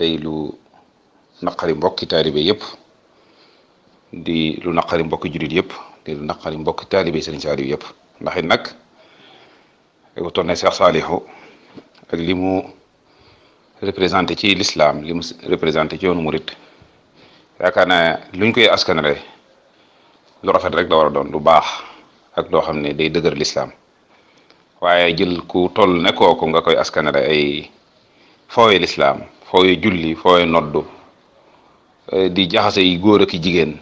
day lu naqari mbokki taalibe yëpp di lu naqari mbokki julit yëpp di lu naqari mbokki taalibe sëriñ Saaliw yëpp ndax it nag ku toll ne Seex Saalihu ak li mu représenté ci lislaam limu représenté ci yoonu murit yaakaar naa luñ koy askanale lu rafet rek la war doon lu baax ak loo xam ne day dëgër lislaam waaye jël ku toll ne kooku nga koy askanale ay fooye lislaam fooye julli fooye noddu eh, di jaxase yi góor ak jigéen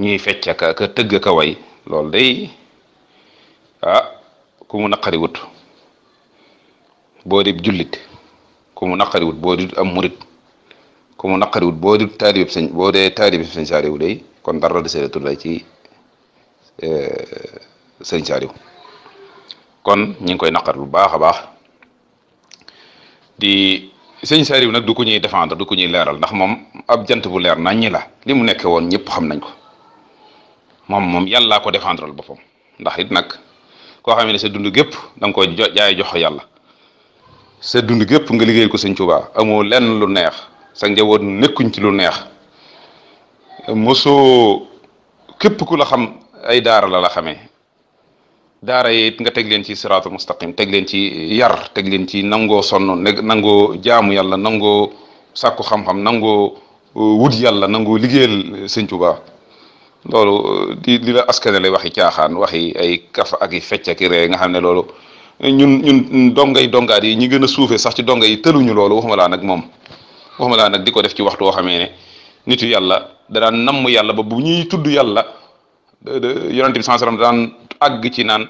ñuy fecc ak a tëgg ka way loolu day ah ku mu boo di jullit ku mu naqari wut boo di am murit ku mu boo sëñ boo dee taalib sëñ saariw day kon dara di seetu la ci eh, sëñ saariw kon ñu ngi koy naqar lu baax a baax di sëñ Saliou nag du ko ñuy défendre du ko ñuy leeral ndax moom ab jant bu leer nañ ñi la li mu nekkee woon ñëpp xam nañ ko moom moom yàllaa ko défendre boppam ndax it nag koo xam ne sa dund gépp da nga koy jaay jox yàlla sa dund gépp nga liggéeyal ko sëñ Tuubaa amoo lenn lu neex sa njaboot nekkuñ ci lu neex mosoo képp ku la xam ay daara la la xamee daara yi it nga teg leen ci siraatu mustaqim teg leen ci yar teg leen ci nangoo sonn nangoo jaamu yàlla nangoo sàkku xam-xam nangoo uh, wut yàlla nango liggéeyal uh, sëñ Tuubaa loolu uh, di di la askane lay waxi caaxaan waxi ay kaf ak i fecc ak ree nga xam ne loolu ñun ñun dongay dongaat yi ñi gën a suufee sax ci donga yi tëluñu loolu waxuma nag moom waxuma laa nag di ko def ci waxtu woo xamee ne nitu yàlla danaan yàlla ba bu ñuy tudd yàlla yonent bi sallallahu alayhi daan àgg ci naan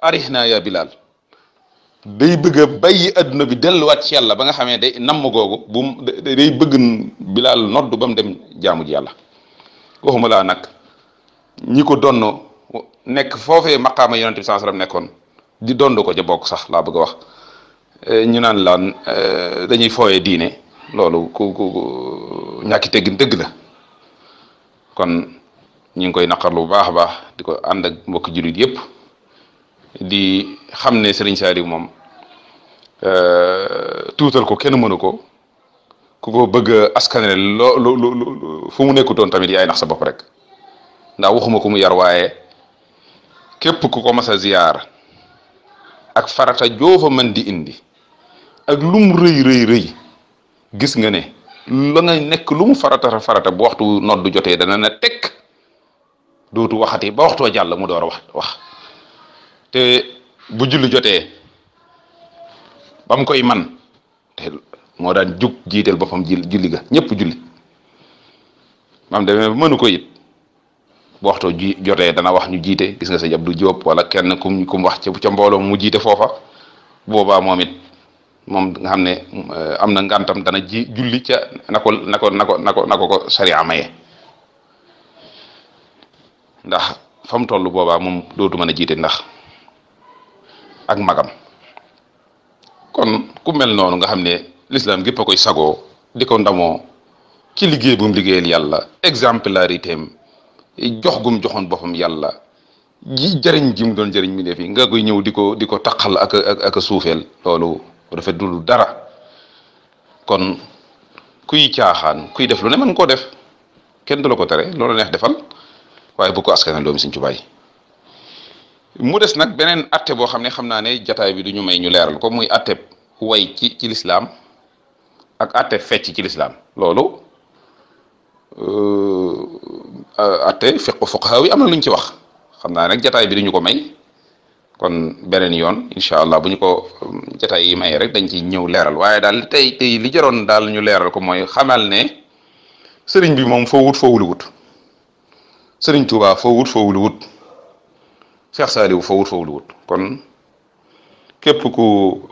arihna ya bilal day bëgg a bàyyi adduna bi delluwaat ci yàlla ba nga xamee day namm googu bu day bëgg bilaal noddu ba mu dem jaamu ji yàlla waxuma laa nag ñi ko donn nekk foofee maqaama yonent bi sallallahu nekkoon di dond ko ca bokk sax laa bëgg wax eh, ñu naan laan eh, dañuy fooyee diine loolu ku ku ñàkki teggin dëgg la kon ñu ngi koy naqarlu bu baax a baax di ko ànd ak mbokk jullit yëpp di xam ne Serigne Saliou moom euh, tuutal ko kenn mënu ko ku ko bëgg askanale loo lu lu fu mu nekkutoon tamit yaay nax sa bopp rek ndax waxuma ko mu yar waaye képp ku ko mas a ak farata joofa mën di indi ak lum rëy rëy gis nga ne la nga nekk lu mu farata farata bu waxtu nodd jotee dana na tek duutu waxati ba waxtoo jàll mu door a wax te bu julli jotee bam koy man te moo daan jug jiital boppam julli ga ñépp julli maam de ba mënu ko it bu waxtoo ji jotee dana wax ñu jiite gis nga sëñ Abdou Diop wala kenn kum kum wax ca mbooloo mu jiite foofa boobaa moom it moom nga xam ne eh, am na ngantam dana ji julli ca na ko na na na ko na ko sariya maye ndax fa tollu toll boobaa moom dootu mën a jiite ndax ak magam kon ku mel noonu nga xam ne lislaam gépp a koy sago di ko ndamoo ci liggéey bum mu liggéeyal exemple exemplarité am jox gum joxoon boppam yàlla ji jëriñ ji doon jëriñ mi def yi nga koy ñëw di ko di ko taqal ak ak ak suufeel loolu rafetul dara kon kuy caaxaan kuy def lu ne mën koo def kenn du la ko tere loolu neex defal waaye bu ko askanal doomi Sëriñ Tuubaa yi mu des nag beneen atte boo xam ne xam naa ne jataay bi du ñu may ñu leeral ko muy atte way ci ci lislaam ak atte fecc ci lislaam loolu euh, atte fiqu fuqahaa yi am na ci wax xam naa nag jataay bi du ko may kon beneen yoon incha allah bu ko um, jataay yi may rek dañ ci ñëw leeral waaye daal tey li jaroon daal ñu leeral ko mooy xamal ne sëriñ bi moom foo wut wut sëriñ Touba foo wut foo wulu wut Cheikh foo wut foo wulu wut kon képp ku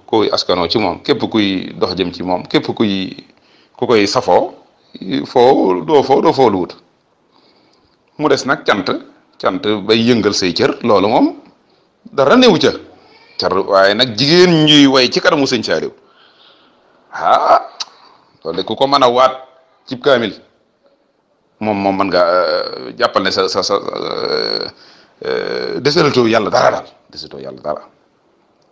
kuy askanoo ci moom képp kuy dox jëm ci moom képp kuy ku koy safoo foo doo foo doo foo wulu wut mu des nag cant cant bay yëngal say cër loolu moom dara newu ca car waaye nag jigéen ñuy way ci kanamu sëñ Saliou ah loolu de ku ko mën a waat cib kaamil moom moom man nga euh, jàppal ne sa sa sa euh, euh, desalatoo yàlla dara daal desalatoo yàlla dara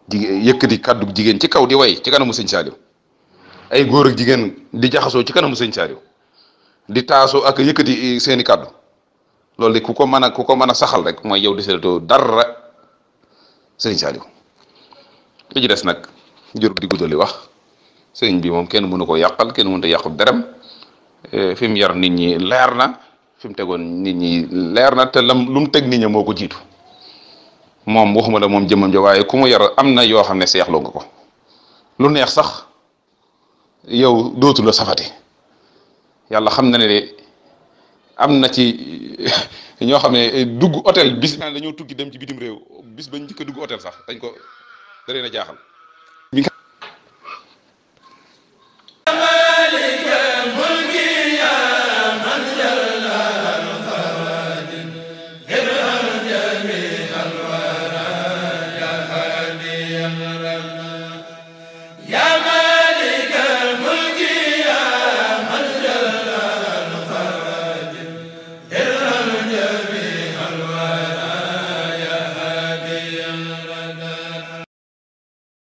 jigéen yëkkati kàddu jigéen ci kaw di way ci kanamu sëñ Saliou ay góor jigéen di jaxasoo ci kanamu sëñ Saliou di taasoo ak yëkkati seeni kàddu loolu de ku ko mën a ku ko mën a saxal rek mooy yow desalatoo dara sëñ Saliou li ci des nag jur di guddali wax sëñ bi moom kenn mënu ko yàqal kenn mënut a yàqu deram Euh, fi mu yar nit ñi leer na fi mu tegoon nit ñi leer na te lam lu mu teg nit ñi moo jiitu moom waxuma la moom jëmmam ja waaye ku mu yar am na yoo xam ne seexloo nga ko lu neex sax yow dootu la safati yàlla xam na ne de am na ci ñoo xam ne dugg hôtel bis dañoo tukki dem ci bitim réew bis bañ njëkk a dugg hôtel sax dañ ko da leen a jaaxal